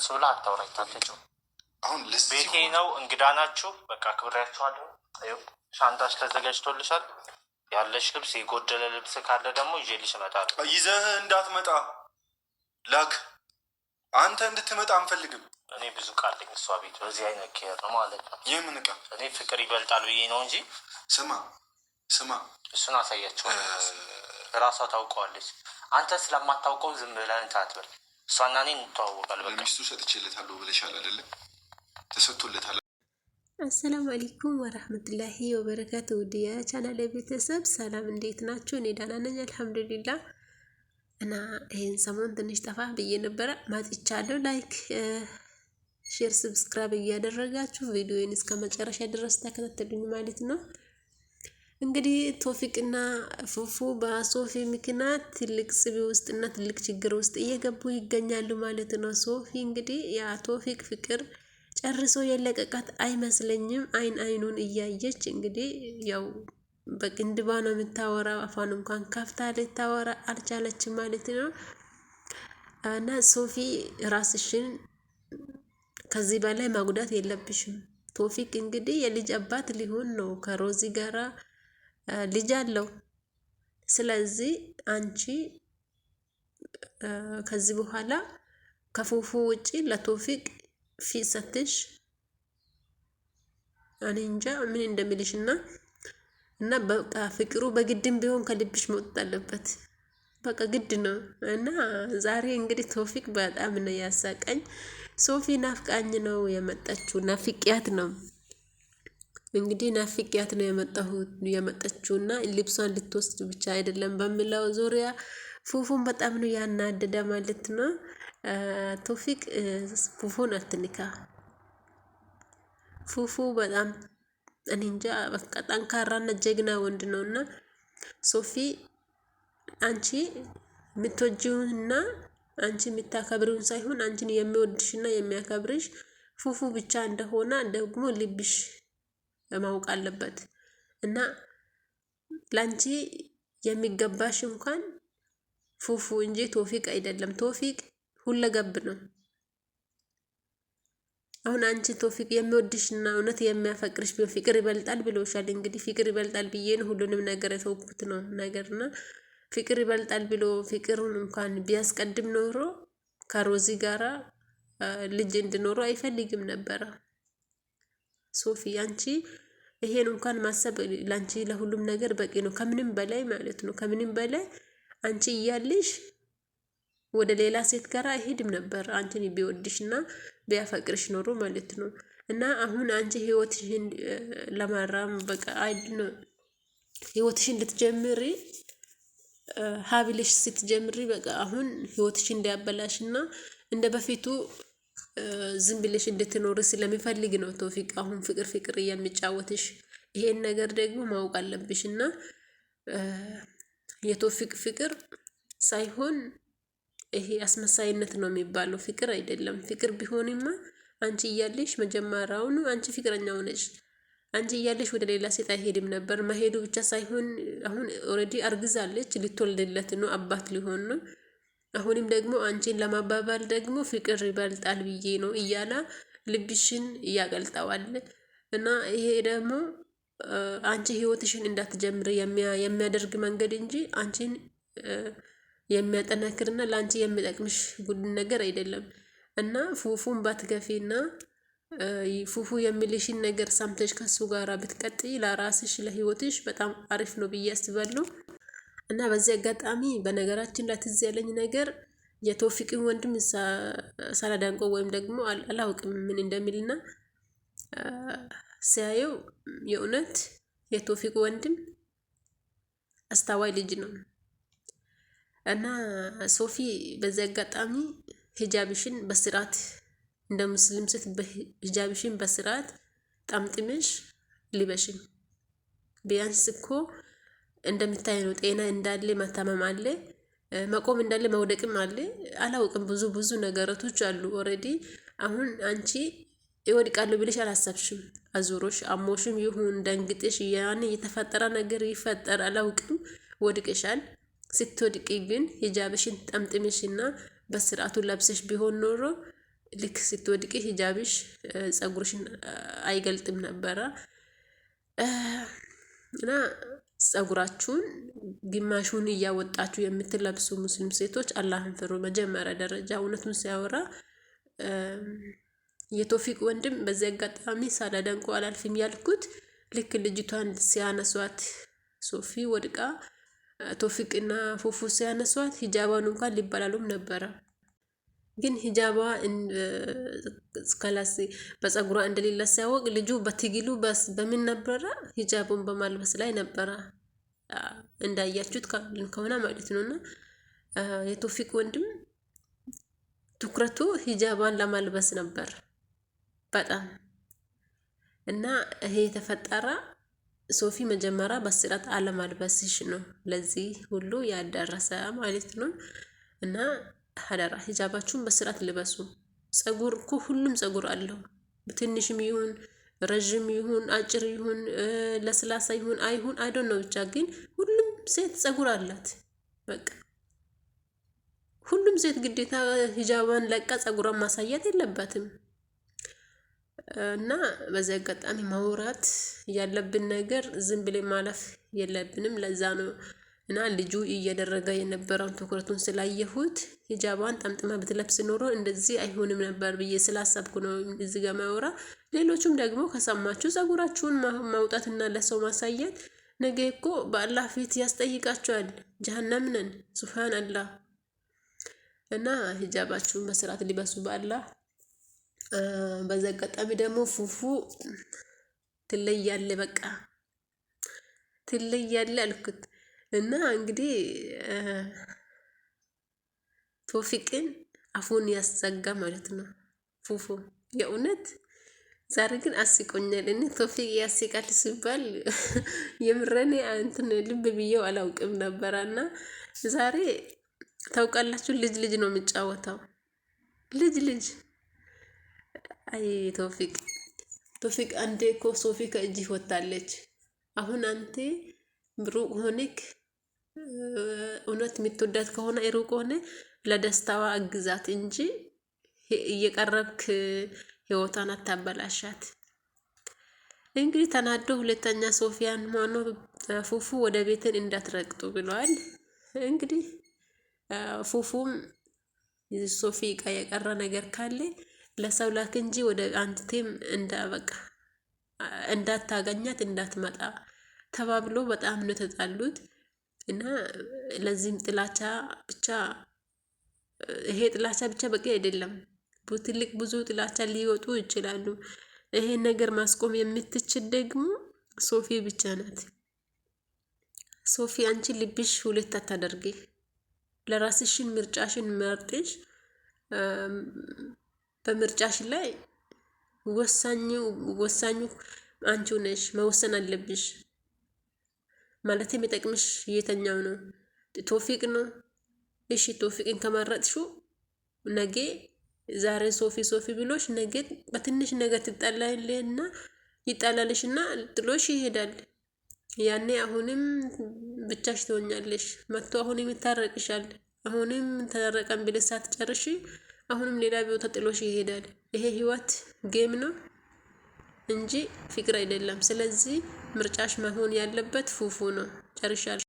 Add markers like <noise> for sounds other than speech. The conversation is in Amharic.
እንደሱ ብላ አታውራኝ። ታልተጭው አሁን ቤቴ ነው፣ እንግዳ ናችሁ። በቃ ክብሬያችኋለሁ። ሻንጣሽ ተዘጋጅቶልሻል። ያለሽ ልብስ፣ የጎደለ ልብስ ካለ ደግሞ ይዤልሽ እመጣለሁ። ይዘህ እንዳትመጣ ላክ። አንተ እንድትመጣ አንፈልግም። እኔ ብዙ ቃለኝ እሷ ቤት በዚህ አይነት ኬር ነው ማለት ነው። ይህ ምን እኔ ፍቅር ይበልጣል ብዬ ነው እንጂ ስማ ስማ፣ እሱን አሳያቸው። ራሷ ታውቀዋለች። አንተ ስለማታውቀው ዝም ብለን ታትበል እሷና እኔ እንተዋወቃል። በቃ ሚስቱ ሰጥቼለታለሁ ብለሻል አይደለም? ተሰጥቶለታል። አሰላሙ አለይኩም ወረህመቱላሂ ወበረካቱ። ውድ የቻናል ቤተሰብ ሰላም፣ እንዴት ናችሁ? እኔ ደህና ነኝ አልሐምዱሊላ። እና ይህን ሰሞን ትንሽ ጠፋ ብዬ ነበረ ማጥቻለሁ። ላይክ፣ ሼር፣ ሰብስክራይብ እያደረጋችሁ ቪዲዮን እስከ መጨረሻ ድረስ ተከታተሉኝ ማለት ነው። እንግዲህ ቶፊቅና ፉፉ በሶፊ ምክንያት ትልቅ ጽቤ ውስጥና ትልቅ ችግር ውስጥ እየገቡ ይገኛሉ ማለት ነው። ሶፊ እንግዲህ የቶፊቅ ፍቅር ጨርሶ የለቀቃት አይመስለኝም። አይን አይኑን እያየች እንግዲህ ያው በቅንድባ ነው የምታወራ። አፏን እንኳን ከፍታ ልታወራ አልቻለችም ማለት ነው። እና ሶፊ ራስሽን ከዚህ በላይ ማጉዳት የለብሽም። ቶፊቅ እንግዲህ የልጅ አባት ሊሆን ነው ከሮዚ ጋራ ልጅ አለው። ስለዚህ አንቺ ከዚህ በኋላ ከፉፉ ውጪ ለቶፊቅ ፊት ሰትሽ እኔ እንጃ ምን እንደሚልሽ እና እና በቃ ፍቅሩ በግድም ቢሆን ከልብሽ መውጣት አለበት። በቃ ግድ ነው እና ዛሬ እንግዲህ ቶፊቅ በጣም ነው ያሳቀኝ። ሶፊ ናፍቃኝ ነው የመጣችው፣ ናፍቂያት ነው። እንግዲህ ናፍቂያት ነው የመጣሁት የመጠችውና ልብሷን ልትወስድ ብቻ አይደለም በሚለው ዙሪያ ፉፉን በጣም ነው ያናደደ ማለት ነው። ቶፊቅ ፉፉን አትንካ። ፉፉ በጣም እንጃ በቃ ጠንካራና ጀግና ወንድ ነው እና ሶፊ አንቺ የምትወጂውንና አንቺ የምታከብሪውን ሳይሆን አንቺን የሚወድሽና የሚያከብርሽ ፉፉ ብቻ እንደሆነ ደግሞ ልብሽ ማወቅ አለበት እና ላንቺ የሚገባሽ እንኳን ፉፉ እንጂ ቶፊቅ አይደለም። ቶፊቅ ሁለገብ ነው። አሁን አንቺ ቶፊቅ የሚወድሽና እውነት የሚያፈቅርሽ ፍቅር ይበልጣል ብሎሻል። እንግዲህ ፍቅር ይበልጣል ብዬን ሁሉንም ነገር የተውኩት ነው ነገርና ፍቅር ይበልጣል ብሎ ፍቅሩን እንኳን ቢያስቀድም ኖሮ ከሮዚ ጋራ ልጅ እንድኖሩ አይፈልግም ነበረ። ሶፊ አንቺ ይሄን እንኳን ማሰብ ለአንቺ ለሁሉም ነገር በቂ ነው። ከምንም በላይ ማለት ነው። ከምንም በላይ አንቺ እያለሽ ወደ ሌላ ሴት ጋር አይሄድም ነበር አንቺን ቢወድሽና ቢያፈቅርሽ ኖሮ ማለት ነው። እና አሁን አንቺ ህይወትሽን ለማራም በቃ አይድነ ህይወትሽን እንድትጀምሪ ሀብልሽ ስትጀምሪ በቃ አሁን ህይወትሽን እንዳያበላሽና እንደ በፊቱ ዝም ብለሽ እንድትኖር ስለሚፈልግ ነው ቶፊቅ አሁን ፍቅር ፍቅር የሚጫወትሽ። ይሄን ነገር ደግሞ ማወቅ አለብሽ እና የቶፊቅ ፍቅር ሳይሆን ይሄ አስመሳይነት ነው የሚባለው፣ ፍቅር አይደለም። ፍቅር ቢሆንማ አንቺ እያለሽ መጀመሪያውኑ አንቺ ፍቅረኛው ሆነሽ አንቺ እያለሽ ወደ ሌላ ሴት አይሄድም ነበር። መሄዱ ብቻ ሳይሆን አሁን ኦልሬዲ አርግዛለች፣ ልትወልድለት ነው፣ አባት ሊሆን ነው። አሁንም ደግሞ አንቺን ለማባባል ደግሞ ፍቅር ይበልጣል ብዬ ነው እያለ ልብሽን እያቀልጠዋል እና ይሄ ደግሞ አንቺ ህይወትሽን እንዳትጀምር የሚያደርግ መንገድ እንጂ አንቺን የሚያጠናክርና ለአንቺ የሚጠቅምሽ ቡድን ነገር አይደለም እና ፉፉን ባትገፊና ፉፉ የሚልሽን ነገር ሰምተሽ ከሱ ጋር ብትቀጥይ ለራስሽ ለህይወትሽ በጣም አሪፍ ነው ብዬ አስባለሁ። እና በዚህ አጋጣሚ በነገራችን ላይ ትዝ ያለኝ ነገር የቶፊቅን ወንድም ሳላዳንቆ ወይም ደግሞ አላውቅም ምን እንደሚልና ሲያየው የእውነት የቶፊቅ ወንድም አስታዋይ ልጅ ነው እና ሶፊ በዚህ አጋጣሚ ሂጃብሽን በስርዓት እንደ ሙስሊም ሴት ሂጃብሽን በስርዓት ጣምጥምሽ ሊበሽን ቢያንስ እኮ እንደምታይ ነው። ጤና እንዳለ መታመም አለ፣ መቆም እንዳለ መውደቅም አለ። አላውቅም ብዙ ብዙ ነገራቶች አሉ። ኦልሬዲ አሁን አንቺ ይወድቃሉ ብለሽ አላሰብሽም። አዙሮሽ አሞሽም ይሁን ደንግጥሽ ያን የተፈጠረ ነገር ይፈጠር አላውቅም። ወድቅሻል። ስትወድቂ ግን ሂጃብሽን ጠምጥምሽና በስርዓቱ ለብሰሽ ቢሆን ኖሮ ልክ ስትወድቂ ሂጃብሽ ጸጉርሽን አይገልጥም ነበረ እና ጸጉራችሁን ግማሹን እያወጣችሁ የምትለብሱ ሙስሊም ሴቶች አላህን ፍሩ። መጀመሪያ ደረጃ እውነቱን ሲያወራ የቶፊቅ ወንድም በዚህ አጋጣሚ ሳላደንቆ አላልፍም ያልኩት ልክ ልጅቷን ሲያነሷት ሶፊ ወድቃ ቶፊቅና ፉፉ ሲያነሷት ሂጃባን እንኳን ሊበላሉም ነበረ። ግን ሂጃቧ ከላስ በፀጉሯ እንደሌለ ሲያወቅ ልጁ በትግሉ በምን ነበረ? ሂጃቡን በማልበስ ላይ ነበረ። እንዳያችሁት ካሉን ከሆነ ማለት ነው። እና የቶፊቅ ወንድም ትኩረቱ ሂጃቧን ለማልበስ ነበር በጣም እና ይሄ የተፈጠረ ሶፊ መጀመሪያ በስራት አለማልበስሽ ነው ለዚህ ሁሉ ያዳረሰ ማለት ነው እና ሀደራ ሂጃባችሁን በስርዓት ልበሱ። ጸጉር እኮ ሁሉም ጸጉር አለው። ትንሽም ይሁን ረዥም ይሁን አጭር ይሁን ለስላሳ ይሁን አይሁን አይዶን ነው ብቻ ግን ሁሉም ሴት ጸጉር አላት። በቃ ሁሉም ሴት ግዴታ ሂጃቧን ለቃ ጸጉሯን ማሳየት የለባትም። እና በዚህ አጋጣሚ ማውራት ያለብን ነገር ዝም ብለን ማለፍ የለብንም። ለዛ ነው እና ልጁ እያደረገ የነበረውን ትኩረቱን ስላየሁት ሂጃቧን ጠምጥማ ብትለብስ ኖሮ እንደዚህ አይሆንም ነበር ብዬ ስላሰብኩ ነው እዚህ ጋር ማወራ። ሌሎቹም ደግሞ ከሰማችሁ ጸጉራችሁን ማውጣትና ለሰው ማሳየት ነገ እኮ በአላህ ፊት ያስጠይቃችኋል። ጀሀነም ነን። ሱብሃን አላህ እና ሂጃባችሁን በስርዓት ሊበሱ በአላህ። በዛ አጋጣሚ ደግሞ ፉፉ ትለያለ፣ በቃ ትለያለ አልኩት። እና እንግዲህ ቶፊቅን አፉን ያስዘጋ ማለት ነው። ፉፉ የእውነት ዛሬ ግን አስቆኛል። እኔ ቶፊቅ ያስቃል ሲባል <laughs> የምረኔ እንትን ልብ ብዬው አላውቅም እና ዛሬ ታውቃላችሁ፣ ልጅ ልጅ ነው የሚጫወተው። ልጅ ልጅ አይ ቶፊቅ ቶፊቅ አንዴ እኮ ሶፊ ከእጅህ ወታለች። አሁን አንቴ ብሩቅ ሆኔክ እውነት የምትወዳት ከሆነ ሩቅ ሆነ ለደስታዋ አግዛት እንጂ እየቀረብክ ህይወቷን አታበላሻት። እንግዲህ ተናዶ ሁለተኛ ሶፊያን ማኖ ፉፉ ወደ ቤትን እንዳትረግጡ ብለዋል። እንግዲህ ፉፉም ሶፊ ቃ የቀረ ነገር ካለ ለሰው ላክ እንጂ ወደ አንትቴም እንዳበቃ እንዳታገኛት እንዳትመጣ ተባብሎ በጣም ነው የተጣሉት። እና ለዚህም ጥላቻ ብቻ ይሄ ጥላቻ ብቻ በቂ አይደለም። ትልቅ ብዙ ጥላቻ ሊወጡ ይችላሉ። ይሄን ነገር ማስቆም የምትችል ደግሞ ሶፊ ብቻ ናት። ሶፊ አንቺ ልብሽ ሁለት አታደርጊ። ለራስሽን ምርጫሽን መርጥሽ በምርጫሽ ላይ ወሳኙ ወሳኙ አንቺ ነሽ፣ መወሰን አለብሽ። ማለት የሚጠቅምሽ የተኛው ነው ቶፊቅ ነው። እሺ ቶፊቅን ከመረጥሹ ነገ ዛሬ ሶፊ ሶፊ ብሎሽ ነገ በትንሽ ነገር ይጠላልሽ እና ጥሎሽ ይሄዳል። ያኔ አሁንም ብቻሽ ትሆኛለሽ። መጥቶ አሁንም ይታረቅሻል። አሁንም ተረቀን ብለሽ ሳትጨርሺ አሁንም ሌላ ቦታ ጥሎሽ ይሄዳል። ይሄ ህይወት ጌም ነው። እንጂ ፊግር አይደለም። ስለዚህ ምርጫሽ መሆን ያለበት ፉፉ ነው። ጨርሻለሁ።